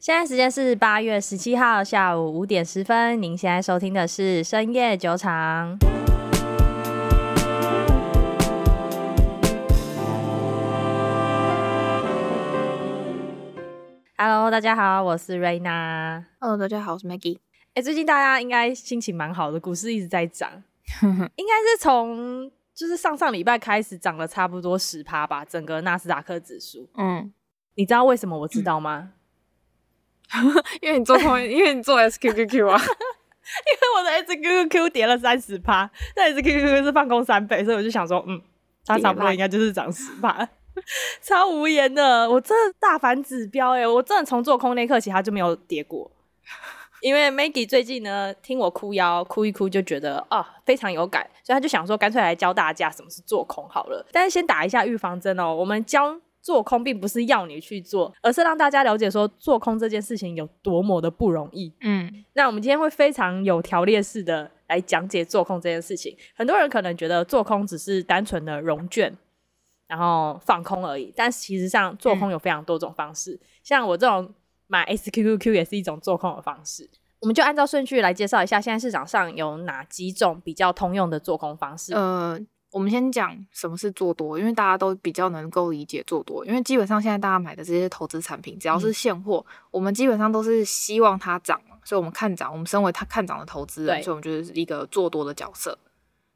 現在時間是八月十七號下午五點十分。您現在收聽的是深夜酒場。Hello，大家好，我是瑞娜。Hello，大家好，我是 Maggie。哎 Mag、欸，最近大家應該心情蠻好的，股市一直在漲， 應該是從就是上上禮拜開始漲了差不多十趴吧，整個納斯達克指數。嗯，你知道為什麼？我知道嗎？嗯 因為你做空， 因為你做 SQQQ 啊， 因為我的 SQQQ 跌了三十趴，那 SQQQ 是放空三倍，所以我就想說，嗯，它差不多應該就是漲十趴， 超無言的，我這大反指標哎、欸，我真的從做空那一刻起它就沒有跌過， 因為 Maggie 最近呢聽我哭腰哭一哭就覺得啊、哦、非常有感，所以他就想說乾脆來教大家什麼是做空好了，但是先打一下預防針哦，我們教。做空並不是要你去做，而是讓大家了解說做空這件事情有多麼的不容易。嗯，那我們今天會非常有條列式的來講解做空這件事情。很多人可能覺得做空只是單純的融券，然後放空而已，但是其實上做空有非常多種方式。嗯、像我這種買 SQQQ 也是一種做空的方式。我們就按照順序來介紹一下，現在市場上有哪幾種比較通用的做空方式？嗯、呃。我們先講什麼是做多，因為大家都比較能夠理解做多，因為基本上現在大家買的這些投資產品，只要是現貨，嗯、我們基本上都是希望它漲，所以我們看漲，我們身為它看漲的投資人，對所以我們就是一個做多的角色，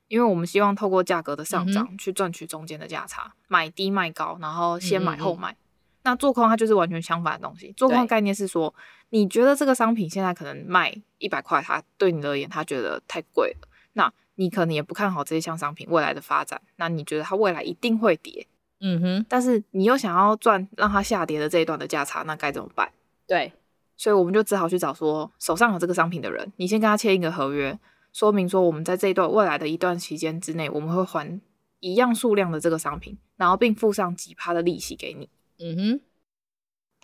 因為我們希望透過價格的上漲去賺取中間的價差，嗯嗯買低賣高，然後先買後賣。嗯嗯那做空它就是完全相反的東西，做空的概念是說，對你覺得這個商品現在可能賣一百塊它，它對你而言它覺得太貴了，那。你可能也不看好這一項商品未來的發展，那你覺得它未來一定會跌？嗯哼。但是你又想要賺讓它下跌的這一段的價差，那該怎麼辦？對。所以我們就只好去找說手上有這個商品的人，你先跟他簽一個合約，說明說我們在這一段未來的一段期間之內，我們會還一樣數量的這個商品，然後並附上幾趴的利息給你。嗯哼。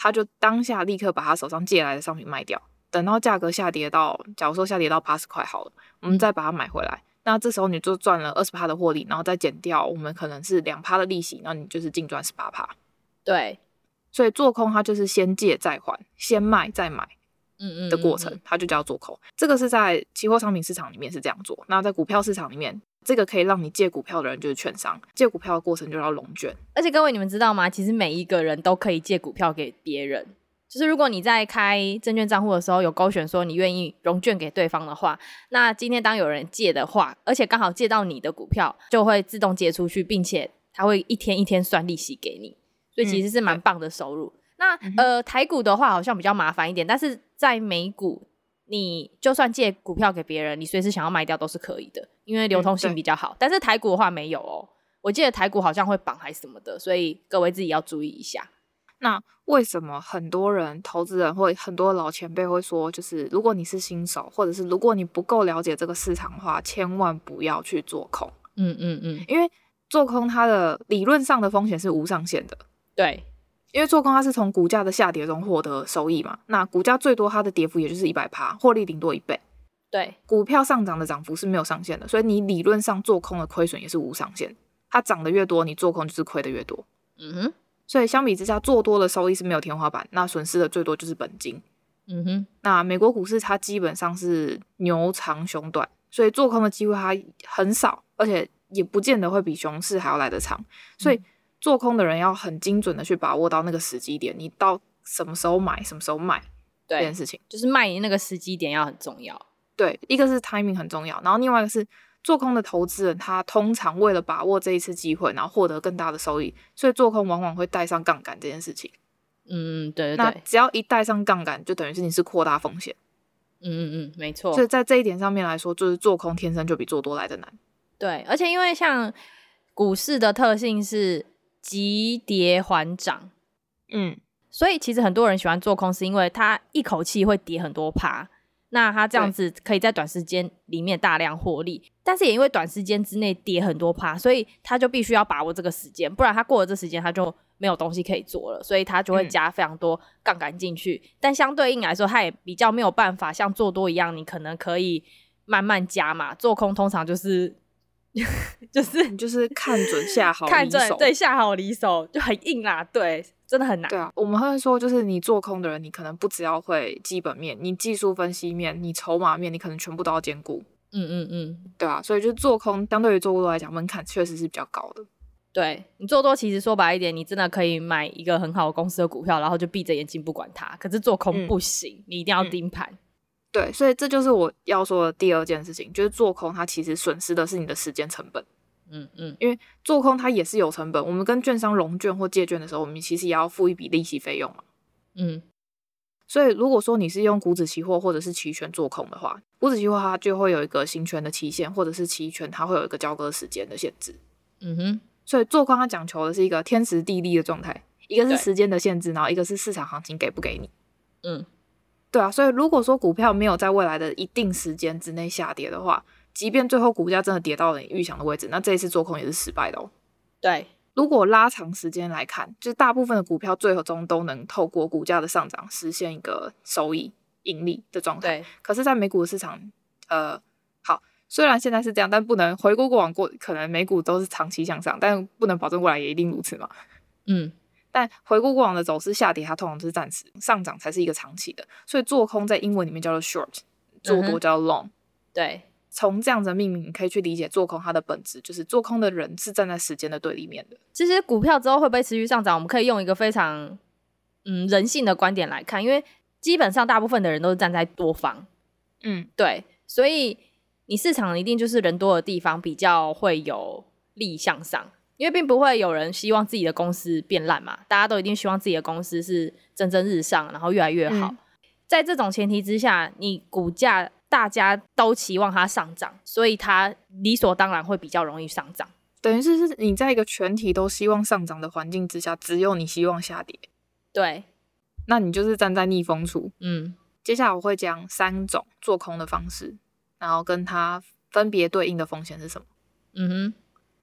他就當下立刻把他手上借來的商品賣掉，等到價格下跌到，假如說下跌到八十塊好了，我們再把它買回來。那這時候你就賺了二十趴的獲利，然後再減掉我們可能是兩趴的利息，那你就是淨賺十八趴。對，所以做空它就是先借再還，先賣再買，嗯嗯的過程，嗯嗯嗯嗯它就叫做空。這個是在期貨商品市場裡面是這樣做。那在股票市場裡面，這個可以讓你借股票的人就是券商，借股票的過程就叫融券。而且各位，你們知道嗎？其實每一個人都可以借股票給別人。就是如果你在開證券賬戶的時候有勾選說你願意融券給對方的話，那今天當有人借的話，而且剛好借到你的股票，就會自動借出去，並且它會一天一天算利息給你，所以其實是蠻棒的收入。嗯、那、嗯、哼呃台股的話好像比較麻煩一點，但是在美股你就算借股票給別人，你隨時想要賣掉都是可以的，因為流通性比較好。嗯、但是台股的話沒有哦，我記得台股好像會綁還是什麼的，所以各位自己要注意一下。那為什麼很多人、投資人或很多老前輩會說，就是如果你是新手，或者是如果你不夠了解這個市場的話，千萬不要去做空。嗯嗯嗯，嗯嗯因為做空它的理論上的風險是無上限的。對，因為做空它是從股價的下跌中獲得收益嘛。那股價最多它的跌幅也就是一百趴，獲利頂多一倍。對，股票上漲的漲幅是沒有上限的，所以你理論上做空的虧損也是無上限。它漲得越多，你做空就是虧得越多。嗯哼。所以相比之下，做多的收益是沒有天花板，那損失的最多就是本金。嗯哼，那美國股市它基本上是牛長熊短，所以做空的機會它很少，而且也不見得會比熊市還要來得長。所以、嗯、做空的人要很精準的去把握到那個時機點，你到什麼時候買，什麼時候賣對這件事情，就是賣你那個時機點要很重要。對，一個是 timing 很重要，然後另外一個是。做空的投資人，他通常為了把握這一次機會，然後獲得更大的收益，所以做空往往會帶上槓桿這件事情。嗯，嗯，對，對，對。那只要一帶上槓桿，就等於是你是擴大風險。嗯嗯嗯，沒錯。所以在這一點上面來說，就是做空天生就比做多來的難。對，而且因為像股市的特性是急跌緩漲，嗯，所以其實很多人喜歡做空，是因為它一口氣會跌很多趴。那他這樣子可以在短時間裡面大量獲利，對但是也因為短時間之內跌很多趴，所以他就必須要把握這個時間，不然他過了這時間他就沒有東西可以做了，所以他就會加非常多槓桿進去。嗯、但相對應來說，他也比較沒有辦法像做多一樣，你可能可以慢慢加嘛。做空通常就是。就是 就是看準， 是看準下好離手，對，下好離手就很硬啦，對，真的很難。對啊，我們會說，就是你做空的人，你可能不只要會基本面、你技術分析面、你籌碼面，你可能全部都要兼顧。嗯嗯嗯，對啊。所以就是做空相對於做多來講，門檻確實是比較高的。對，你做多其實說白一點，你真的可以買一個很好的公司的股票，然後就閉着眼睛不管它。可是做空不行，嗯、你一定要盯盤。嗯嗯對，所以這就是我要說的第二件事情，就是做空它其實損失的是你的時間成本。嗯嗯，嗯因為做空它也是有成本，我們跟券商融券或借券的時候，我們其實也要付一筆利息費用嘛。嗯，所以如果說你是用股指期貨或者是期權做空的話，股指期貨它就會有一個行權的期限，或者是期權它會有一個交割時間的限制。嗯哼，所以做空它講求的是一個天時地利的狀態，一個是時間的限制，對然後一個是市場行情給不給你。嗯。對啊，所以如果說股票沒有在未來的一定時間之內下跌的話，即便最後股價真的跌到了你預想的位置，那這一次做空也是失敗的哦。對，如果拉長時間來看，就是大部分的股票最終都能透過股價的上漲實現一個收益盈利的狀態。對，可是在美股的市場，呃，好，雖然現在是這樣，但不能回顧過往過，可能美股都是長期向上，但不能保證未來也一定如此嘛。嗯。但回顧過往的走勢下跌，它通常是暫時上漲才是一個長期的，所以做空在英文裡面叫做 short，做多叫 long。嗯、對，從這樣的命名你可以去理解做空它的本質，就是做空的人是站在時間的對立面的。其實股票之後會不會持續上漲，我們可以用一個非常嗯人性的觀點來看，因為基本上大部分的人都是站在多方，嗯，對，所以你市場一定就是人多的地方比較會有力向上。因為並不會有人希望自己的公司變爛嘛，大家都一定希望自己的公司是蒸蒸日上，然後越來越好。嗯，在這種前提之下，你股價大家都期望它上漲，所以它理所當然會比較容易上漲。等於是，是你在一個全體都希望上漲的環境之下，只有你希望下跌。對，那你就是站在逆風處。嗯，接下來我會講三種做空的方式，然後跟它分別對應的風險是什麼。嗯哼。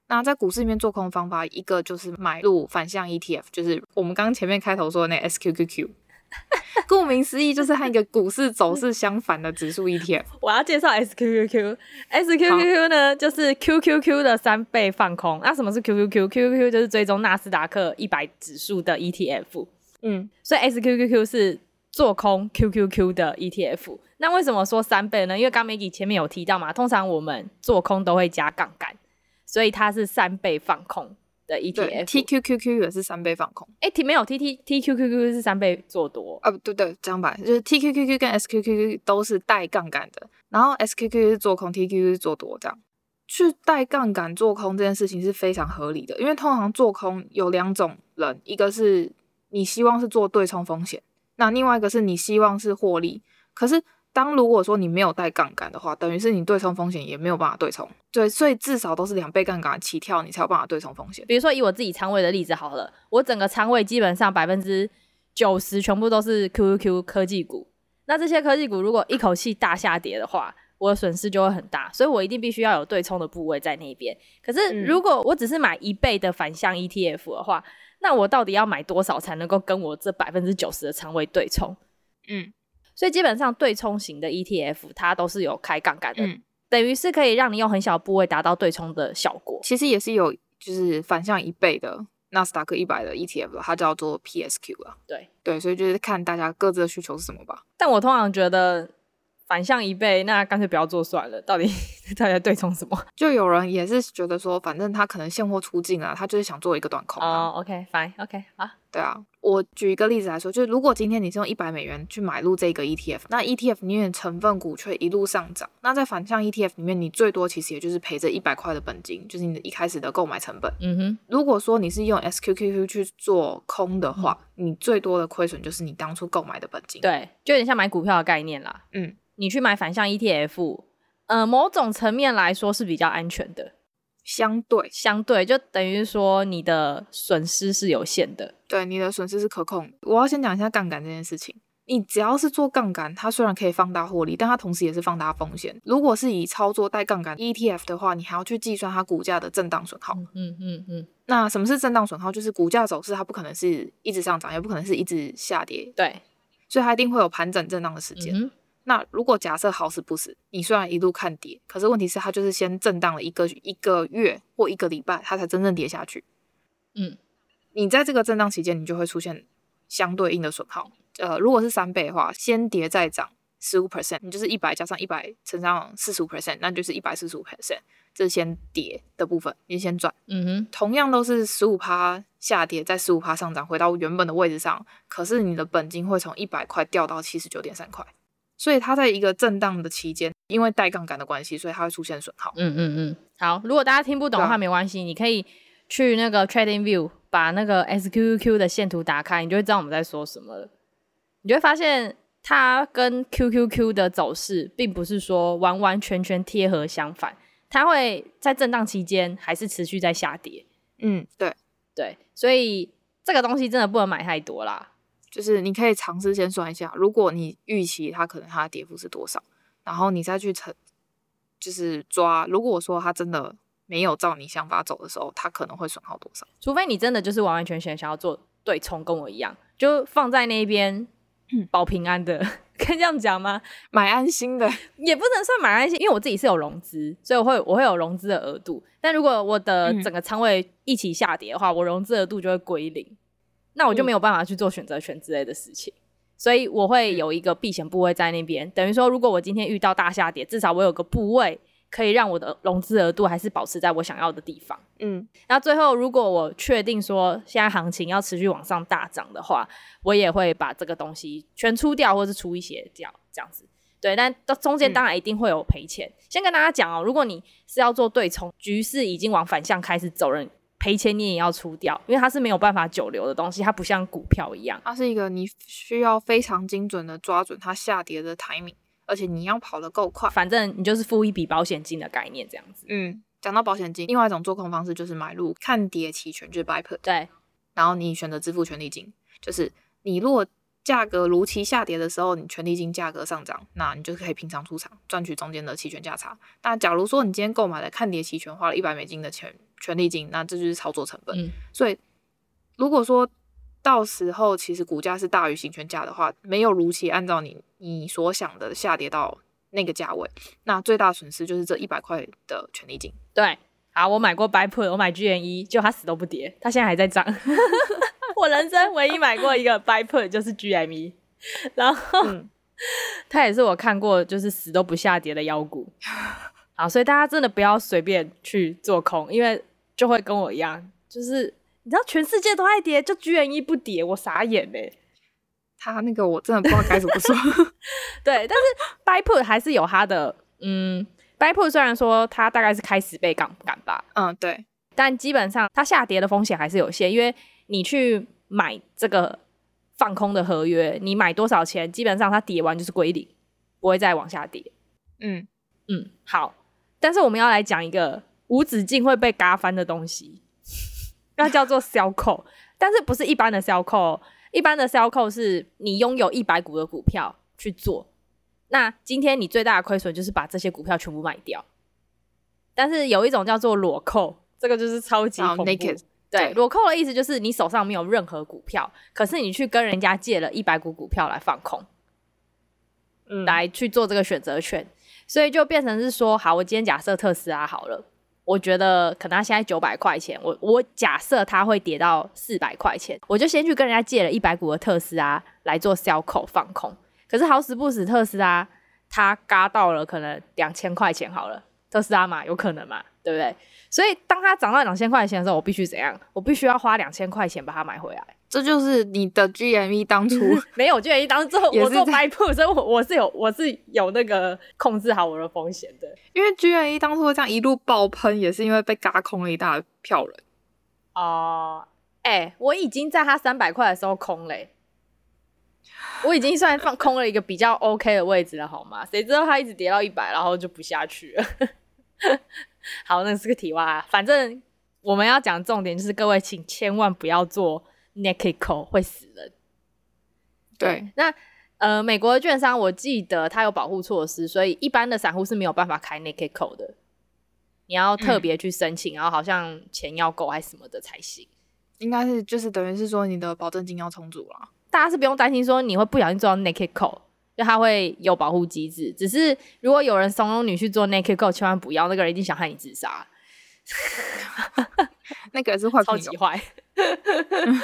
那在股市裡面做空的方法，一個就是買入反向 ETF，就是我們剛剛前面開頭說的那 SQQQ。顧名思義，就是和一個股市走勢相反的指數 ETF。我要介紹 SQQQ，SQQQ 呢就是 QQQ 的三倍放空。那什麼是 QQQ？QQQ 就是追蹤納斯達克一百指數的 ETF。嗯，所以 SQQQ 是做空 QQQ 的 ETF。那為什麼說三倍呢？因為剛剛 Maggie 前面有提到嘛，通常我們做空都會加槓桿。所以它是三倍放空的 ETF，TQQQ 也是三倍放空，誒，T 沒有 T T TQQQ 是三倍做多啊，對對，這樣吧，就是 TQQQ 跟 SQQQ 都是帶槓桿的，然後 SQQQ 是做空，TQQQ 是做多，這樣去帶槓桿做空這件事情是非常合理的，因為通常做空有兩種人，一個是你希望是做對沖風險，那另外一個是你希望是獲利，可是。當如果說你沒有帶槓桿的話，等於是你對沖風險也沒有辦法對沖。對，所以至少都是兩倍槓桿的起跳，你才有辦法對沖風險。比如說以我自己倉位的例子好了，我整個倉位基本上百分之九十全部都是 Q Q Q 科技股。那這些科技股如果一口氣大下跌的話，我的損失就會很大，所以我一定必須要有對沖的部位在那邊。可是如果我只是買一倍的反向 E T F 的話，那我到底要買多少才能夠跟我這百分之九十的倉位對沖？嗯。所以基本上對沖型的 ETF，它都是有開槓桿的，嗯、等於是可以讓你用很小的部位達到對沖的效果。其實也是有就是反向一倍的納斯達克一百的 ETF，它叫做 PSQ 了。對對，所以就是看大家各自的需求是什麼吧。但我通常覺得反向一倍，那乾脆不要做算了。到底大家 對沖什麼？就有人也是覺得說，反正他可能現貨出境啊，他就是想做一個短空哦、啊 oh, OK，fine，OK，okay, okay, 好。對啊，我舉一個例子來說，就是如果今天你是用一百美元去買入這個 ETF，那 ETF 裡面的成分股卻一路上漲，那在反向 ETF 裡面，你最多其實也就是賠這一百塊的本金，就是你一開始的購買成本。嗯哼，如果說你是用 SQQQ 去做空的話，嗯、你最多的虧損就是你當初購買的本金。對，就有點像買股票的概念啦。嗯，你去買反向 ETF，呃，某種層面來說是比較安全的。相對相對，就等於說你的損失是有限的，對，你的損失是可控。我要先講一下槓桿這件事情。你只要是做槓桿，它雖然可以放大獲利，但它同時也是放大風險。如果是以操作帶槓桿 ETF 的話，你還要去計算它股價的震盪損耗。嗯哼，嗯嗯。那什麼是震盪損耗？就是股價走勢，它不可能是一直上漲，也不可能是一直下跌。對，所以它一定會有盤整震盪的時間。嗯那如果假設好死不死，你雖然一路看跌，可是問題是它就是先震盪了一個一個月或一個禮拜，它才真正跌下去。嗯，你在這個震盪期間，你就會出現相對應的損耗。呃，如果是三倍的話，先跌再漲十五 percent，你就是一百加上一百乘上四十五 percent，那就是一百四十五 percent。這先跌的部分，你先賺。嗯哼，同樣都是十五趴下跌，再十五趴上漲回到原本的位置上，可是你的本金會從一百塊掉到七十九點三塊。所以它在一個震盪的期間，因為帶槓桿的關係，所以它會出現損耗。嗯嗯嗯。好，如果大家聽不懂的話，啊、沒關係，你可以去那個 Trading View 把那個 SQQQ 的線圖打開，你就會知道我們在說什麼了。你就會發現它跟 QQQ 的走勢，並不是說完完全全貼合，相反，它會在震盪期間還是持續在下跌。嗯，對對，所以這個東西真的不能買太多啦。就是你可以嘗試先算一下，如果你預期它可能它的跌幅是多少，然後你再去乘，就是抓。如果說它真的沒有照你想法走的時候，它可能會損耗多少？除非你真的就是完完全全想要做對沖，跟我一樣，就放在那邊保平安的，可以，嗯、 這樣講嗎？買安心的也不能算買安心，因為我自己是有融資，所以我會我會有融資的額度。但如果我的整個倉位一起下跌的話，嗯，我融資額度就會歸零。那我就沒有辦法去做選擇權之類的事情，嗯、所以我會有一個避險部位在那邊。嗯、等於說，如果我今天遇到大下跌，至少我有個部位可以讓我的融資額度還是保持在我想要的地方。嗯，那最後如果我確定說現在行情要持續往上大漲的話，我也會把這個東西全出掉，或是出一些掉這樣子。對，但到中間當然一定會有賠錢。嗯、先跟大家講哦、喔，如果你是要做對沖，局勢已經往反向開始走人，賠錢你也要出掉，因為它是沒有辦法久留的東西，它不像股票一樣，它是一個你需要非常精準的抓準它下跌的 timing，而且你要跑得夠快，反正你就是付一筆保險金的概念這樣子。嗯，講到保險金，另外一種做空方式就是買入看跌期權，就是 buy put，對，然後你選擇支付權利金，就是你如果價格如期下跌的時候，你權利金價格上漲，那你就可以平倉出場賺取中間的期權價差。那假如說你今天購買的看跌期權花了一百美金的錢。權利金，那這就是操作成本。嗯、所以，如果說到時候其實股價是大於行權價的話，沒有如期按照你你所想的下跌到那個價位，那最大損失就是這一百塊的權利金。對，啊，我買過 buy put，我買 GME，結果它死都不跌，它現在還在漲。 我人生唯一買過一個 buy put 就是 GME， 然後它、嗯、也是我看過就是死都不下跌的妖股。啊，所以大家真的不要隨便去做空，因為就會跟我一樣，就是你知道全世界都在跌，就居然一不跌，我傻眼嘞、欸。他那個我真的不知道該怎麼說。 對，但是 buy put 還是有它的，嗯 ，buy put 雖然說它大概是開十倍槓桿吧，嗯，對，但基本上它下跌的風險還是有限，因為你去買這個放空的合約，你買多少錢，基本上它跌完就是歸零，不會再往下跌。嗯嗯，好。但是我們要來講一個無止境會被嘎翻的東西，它 叫做 sell call，但是不是一般的 sell call。一般的 sell call 是你擁有一百股的股票去做，那今天你最大的虧損就是把這些股票全部賣掉。但是有一種叫做 naked call，這個就是超級恐怖，oh, naked 對，對 naked call 的意思就是你手上沒有任何股票，可是你去跟人家借了一百股股票來放空，嗯、來去做這個選擇權。所以就變成是說，好，我今天假設特斯拉好了，我覺得可能它現在九百塊錢，我我假設它會跌到四百塊錢，我就先去跟人家借了一百股的特斯拉來做銷口放空。可是好死不死，特斯拉它嘎到了可能兩千塊錢好了，特斯拉嘛有可能嘛，對不對？所以當它漲到兩千塊錢的時候，我必須怎樣？我必須要花兩千塊錢把它買回來。這就是你的 GME 當初 沒有 GME 當初我做白鋪，所以我我是有我是有那個控制好我的風險的。因為 GME 當初這樣一路爆噴，也是因為被嘎空了一大票人。哦、呃，哎、欸，我已經在他三百塊的時候空了，欸。我已經算放空了一個比較 OK 的位置了，好嗎？誰知道他一直跌到一百，然後就不下去了。 好，那是個題外，啊。反正我們要講重點就是，各位請千萬不要做。Naked Call 會死人，對，那呃，美國的券商我記得它有保護措施，所以一般的散戶是沒有辦法開 Naked Call 的，你要特別去申請，嗯、然後好像錢要夠還是什麼的才行。應該是就是等於是說你的保證金要充足啦，大家是不用擔心說你會不小心做到 Naked Call，就它會有保護機制。只是如果有人慫恿你去做 Naked Call，千萬不要，那個人一定想害你自殺。 那個是壞，超級壞。 嗯、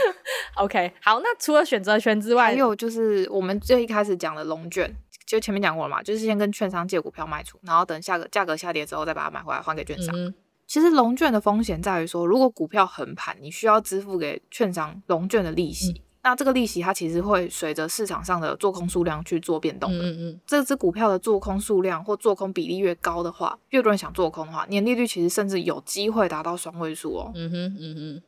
OK，好，那除了選擇權之外，還有就是我們最開始講的融券，就前面講過了嘛，就是先跟券商借股票賣出，然後等下個價格下跌之後再把它買回來還給券商。嗯、其實融券的風險在於說，如果股票橫盤，你需要支付給券商融券的利息。嗯那這個利息它其實會隨着市場上的做空數量去做變動的。嗯嗯嗯。這只股票的做空數量或做空比例越高的話，越多人想做空的話，年利率其實甚至有機會達到雙位數哦。嗯哼嗯哼。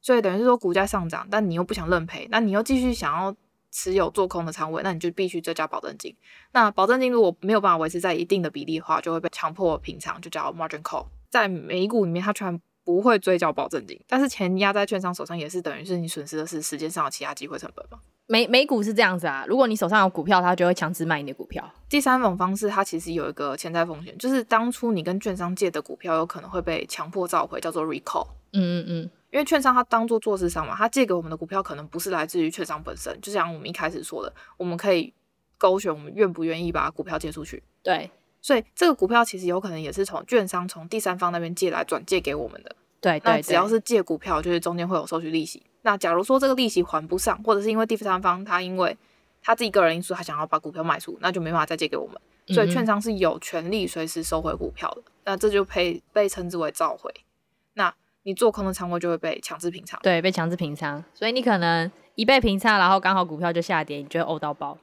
所以等於是說股價上漲，但你又不想認賠，那你又繼續想要持有做空的倉位，那你就必須追加保證金。那保證金如果沒有辦法維持在一定的比例的話，就會被強迫平倉，就叫 margin call。在美股裡面，它全。不會追繳保證金，但是錢壓在券商手上也是等於是你損失的是時間上的其他機會成本嘛？美美股是這樣子啊，如果你手上有股票，它就會強制賣你的股票。第三種方式，它其實有一個潛在風險，就是當初你跟券商借的股票有可能會被強迫召回，叫做 recall。嗯嗯嗯，因為券商它當作做做市商嘛，它借給我們的股票可能不是來自於券商本身，就像我們一開始說的，我們可以勾選我們願不願意把股票借出去。對。所以這個股票其實有可能也是從券商、從第三方那邊借來轉借給我們的。對，對對。那只要是借股票，就是中間會有收取利息。那假如說這個利息還不上，或者是因為第三方他因為他自己個人因素他想要把股票賣出，那就沒辦法再借給我們。所以券商是有權利隨時收回股票的。嗯嗯，那這就被被稱之為召回。那你做空的倉位就會被強制平倉。對，被強制平倉。所以你可能一被平倉，然後剛好股票就下跌，你就會嘔到爆。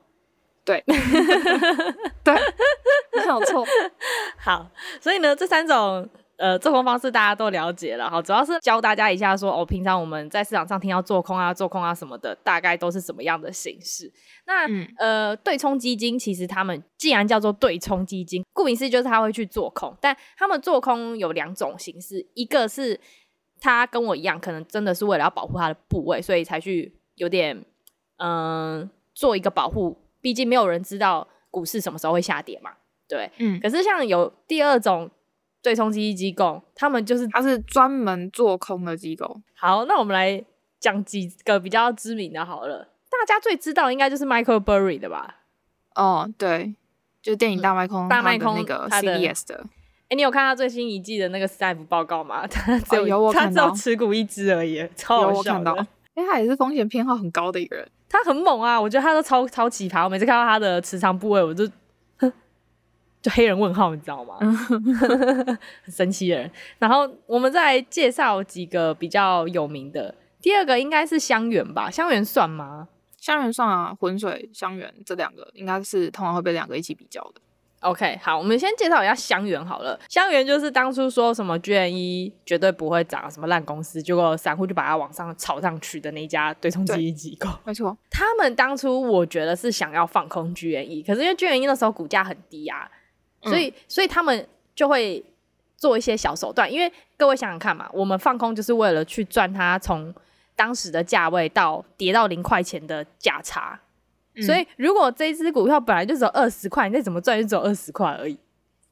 對， 對，沒有錯。好，所以呢，這三種呃做空方式大家都了解了哈，主要是教大家一下說，說哦，平常我們在市場上聽到做空啊、做空啊什麼的，大概都是什麼樣的形式。那、嗯、呃，對沖基金其實他們既然叫做對沖基金，顧名思義就是他會去做空，但他們做空有兩種形式，一個是他跟我一樣，可能真的是為了要保護他的部位，所以才去有點嗯、呃、做一個保護。畢竟沒有人知道股市什麼時候會下跌嘛，對，嗯。可是像有第二種對沖基金機構，他們就是他是專門做空的機構。好，那我們來講幾個比較知名的，好了，大家最知道應該就是 Michael Burry 的吧？哦，對，就電影《大賣空》嗯、大賣空那個 CDS 的。哎，你有看他最新一季的那個、S、y 坦 e 報告嗎？他只有，哦、有我看到，他只有持股一隻而已。超有，我看到，哎，他也是風險偏好很高的一個人。他很猛啊，我覺得他都超超奇葩。我每次看到他的持倉部位，我就就黑人問號，你知道嗎？嗯、 很神奇的人。然後我們再來介紹幾個比較有名的，第二個應該是香櫞吧？香櫞算嗎？香櫞算啊，渾水香櫞這兩個應該是通常會被兩個一起比較的。OK，好，我們先介紹一下香櫞好了。香櫞就是當初說什麼 GME 絕對不會漲，什麼爛公司，結果散戶就把它往上炒上去的那家對沖基金機構。沒錯，他們當初我覺得是想要放空 GME，e, 可是因為 GME 那時候股價很低啊，嗯、所以所以他們就會做一些小手段。因為各位想想看嘛，我們放空就是為了去賺它從當時的價位到跌到零塊錢的價差。嗯、所以，如果這隻股票本來就是只有二十塊，你再怎麼賺，就只有二十塊而已。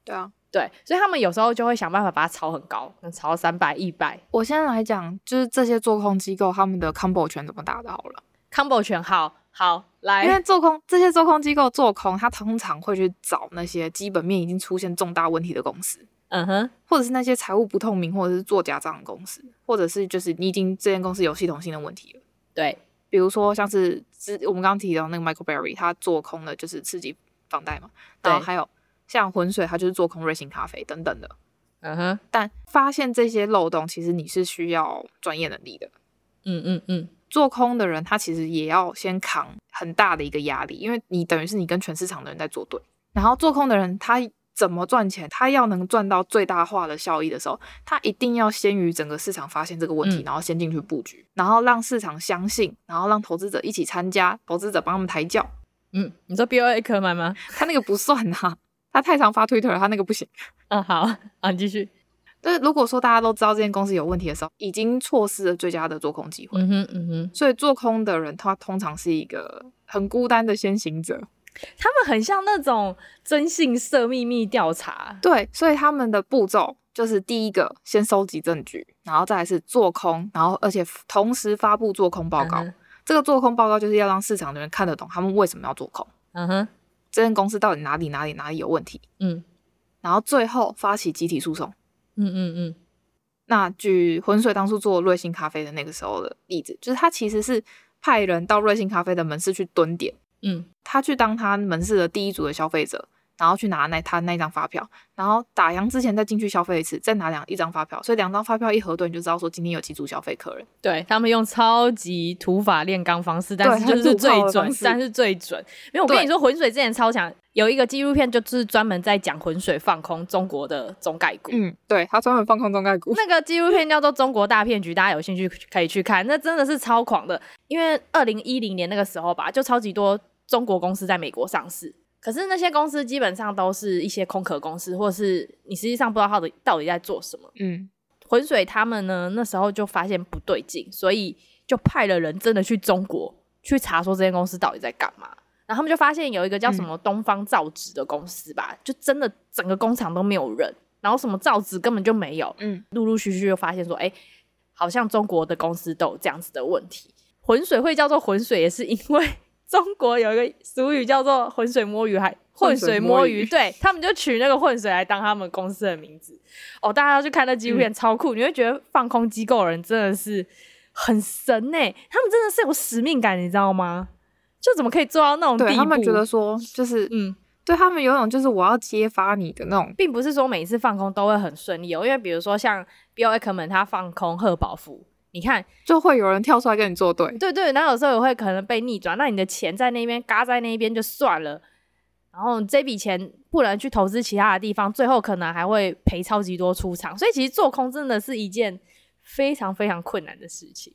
對啊，對，所以他們有時候就會想辦法把它炒很高，能炒到三百、一百。我現在來講，就是這些做空機構他們的 combo 拳怎麼打的，好了。combo 拳，好好來。因為做空這些做空機構做空，它通常會去找那些基本面已經出現重大問題的公司，嗯哼，或者是那些財務不透明或者是做假賬的公司，或者是就是你已經這間公司有系統性的問題了。對。比如說，像是我們剛剛提到那個 Michael Burry，他做空的就是次級房貸嘛，然後還有像渾水，他就是做空瑞幸咖啡等等的。嗯哼，但發現這些漏洞，其實你是需要專業能力的。嗯嗯嗯，做空的人他其實也要先扛很大的一個壓力，因為你等於是你跟全市場的人在作對，然後做空的人他。怎麼賺錢？他要能賺到最大化的效益的時候，他一定要先於整個市場發現這個問題，嗯、然後先進去布局，然後讓市場相信，然後讓投資者一起參加，投資者幫他們抬轎。嗯，你說 B O A 可買嗎？他那個不算啊，他太常發 Twitter 了，他那個不行。嗯，好，啊，繼續。但是如果說大家都知道這間公司有問題的時候，已經錯失了最佳的做空機會。嗯哼，嗯哼。所以做空的人，他通常是一個很孤單的先行者。他們很像那種徵信社秘密調查。啊，對，所以他們的步驟就是第一個先收集證據，然後再來是做空，然後而且同時發布做空報告。嗯、哼這個做空報告就是要讓市場的人看得懂他們為什麼要做空，嗯哼，這間公司到底哪裡哪裡哪裡有問題，嗯，然後最後發起集體訴訟，嗯嗯嗯。那舉渾水當初做瑞幸咖啡的那個時候的例子，就是他其實是派人到瑞幸咖啡的門市去蹲點。嗯，他去當他門市的第一組的消費者，然後去拿那他那張發票，然後打烊之前再進去消費一次，再拿兩一張發票，所以兩張發票一核對，你就知道說今天有幾組消費客人。對，他們用超級土法煉鋼方式，但是就是最準，但是最準。因為對我跟你說，渾水之前超強有一個紀錄片，就是專門在講渾水放空中國的中概股。嗯，對，他專門放空中概股。那個紀錄片叫做《中國大騙局》，大家有興趣可以去看，那真的是超狂的，因為二零一零年那個時候吧，就超級多。中國公司在美國上市，可是那些公司基本上都是一些空殼公司，或者是你實際上不知道它的到底在做什麼。嗯，渾水他們呢那時候就發現不對勁，所以就派了人真的去中國去查，說這間公司到底在幹嘛。然後他們就發現有一個叫什麼東方造紙的公司吧，嗯、就真的整個工廠都沒有人，然後什麼造紙根本就沒有。嗯，陸陸續續就發現說，哎、欸，好像中國的公司都有這樣子的問題。渾水會叫做渾水，也是因為。中國有一個俗語叫做“渾水摸魚”，還“渾水摸魚”，摸魚。對，他們就取那個“渾水”來當他們公司的名字。哦，大家要去看那紀錄片，嗯、超酷！你會覺得放空機構的人真的是很神呢、欸，他們真的是有使命感，你知道嗎？就怎麼可以做到那種地步？對，他們覺得說，就是嗯，對，他們有種就是我要揭發你的那種，並不是說每一次放空都會很順利哦。因為比如說像 Bill Ackman 他放空賀寶芙。你看，就會有人跳出來跟你作對。對對，那有時候也會可能被逆轉。那你的錢在那邊，嘎在那邊就算了。然後這筆錢，不能去投資其他的地方，最後可能還會賠超級多，出場。所以其實做空真的是一件非常非常困難的事情。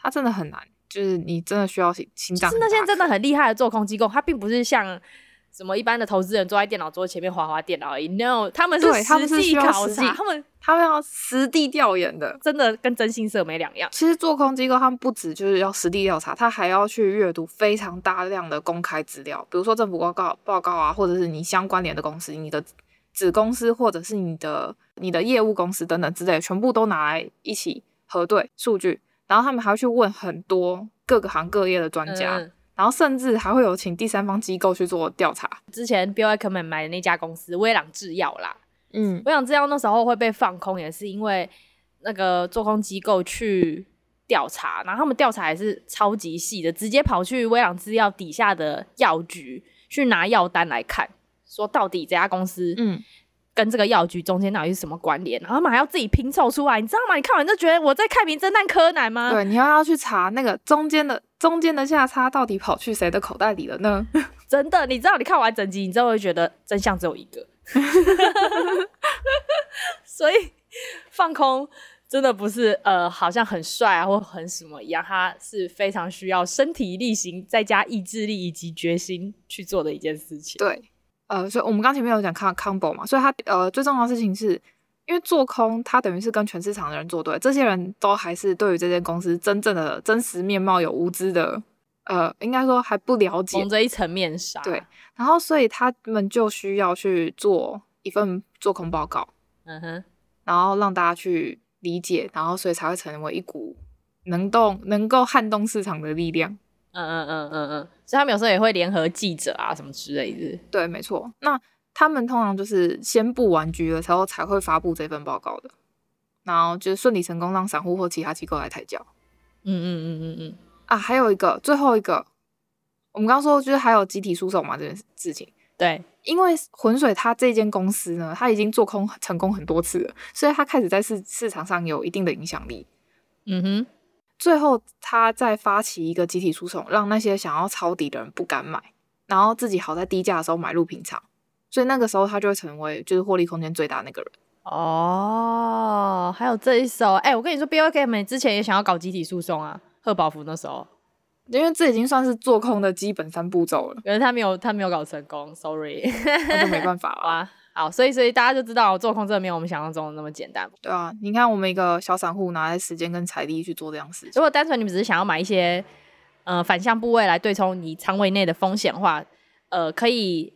它真的很難，就是你真的需要心心臟。那些真的很厲害的做空機構，它並不是像什麼一般的投資人坐在電腦桌前面滑滑電腦而已？No，他們是實地考察，他們他們，他們要實地調研的，真的跟徵信社沒兩樣。其實做空機構他們不止就是要實地調查，他還要去閱讀非常大量的公開資料，比如說政府報告報告啊，或者是你相關聯的公司、你的子公司或者是你的你的業務公司等等之類，全部都拿來一起核對數據。然後他們還要去問很多各個行各業的專家。嗯然後甚至還會有請第三方機構去做調查。之前 Bill Ackman 買的那家公司威朗製藥啦，嗯，威朗製藥那時候會被放空，也是因為那個做空機構去調查，然後他們調查也是超級細的，直接跑去威朗製藥底下的藥局去拿藥單來看，說到底這家公司，嗯，跟這個藥局中間到底是什麼關聯？嗯、然後他們還要自己拼湊出來，你知道嗎？你看完就覺得我在看名偵探柯南嗎？對，你要要去查那個中間的。中間的價差到底跑去誰的口袋裡了呢？ 真的，你知道你看完整集，你就會覺得真相只有一個。 所以放空真的不是呃，好像很帥、啊、或很什麼一樣，它是非常需要身體力行，再加意志力以及決心去做的一件事情。對，呃，所以我們剛前面有講看 combo 嘛，所以它呃最重要的事情是。因為做空，他等於是跟全市場的人做對，這些人都還是對於這間公司真正的真實面貌有無知的，呃，應該說還不了解，蒙着一層面紗。對，然後所以他們就需要去做一份做空報告，嗯哼，然後讓大家去理解，然後所以才會成為一股能動、能夠撼動市場的力量。嗯嗯嗯嗯嗯，所以他們有時候也會聯合記者啊什麼之類的。對，沒錯。那他們通常就是先布完局了，然後才會發布這份報告的，然後就順理成章讓散戶或其他機構來抬轎、嗯。嗯嗯嗯嗯嗯。嗯啊，還有一個最後一個，我們剛說就是還有集體訴訟嘛這件事情。對，因為渾水他這間公司呢，他已經做空成功很多次了，所以他開始在市市場上有一定的影響力。嗯哼。最後他再發起一個集體訴訟，讓那些想要抄底的人不敢買，然後自己好在低價的時候買入平倉。所以那個時候他就會成為就是獲利空間最大的那個人哦。還有這一手，哎、欸，我跟你說，B O K M 之前也想要搞集體訴訟啊，賀寶芙那時候，因為這已經算是做空的基本三步驟了。可是他沒有，他沒有搞成功，sorry， 那就沒辦法了好、啊。好，所以所以大家就知道、哦、做空真的沒有我們想象中的那麼簡單。對啊，你看我們一個小散戶拿來時間跟財力去做這樣事情。如果單純你只是想要買一些，呃，反向部位來對沖你倉位內的風險的話，呃，可以。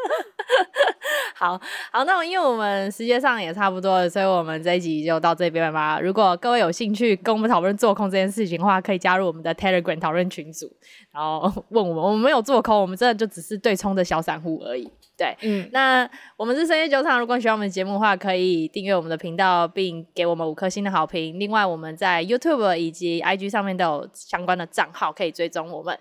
好好，那麼因為我們時間上也差不多了，所以我們這一集就到這邊吧。如果各位有興趣跟我們討論做空這件事情的話，可以加入我們的 Telegram 討論群組，然後問我們，我們沒有做空，我們真的就只是對沖的小散戶而已。對，嗯，那我們是深夜酒場，如果喜歡我們的節目的話，可以訂閱我們的頻道，並給我們五顆星的好評。另外，我們在 YouTube 以及 IG 上面都有相關的賬號可以追蹤我們。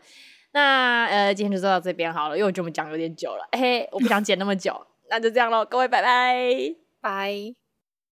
那呃，今天就做到這邊好了，因為我覺得我們講有點久了，嘿、欸、嘿，我不想剪那麼久。 那就這樣嘍，各位，拜拜，拜。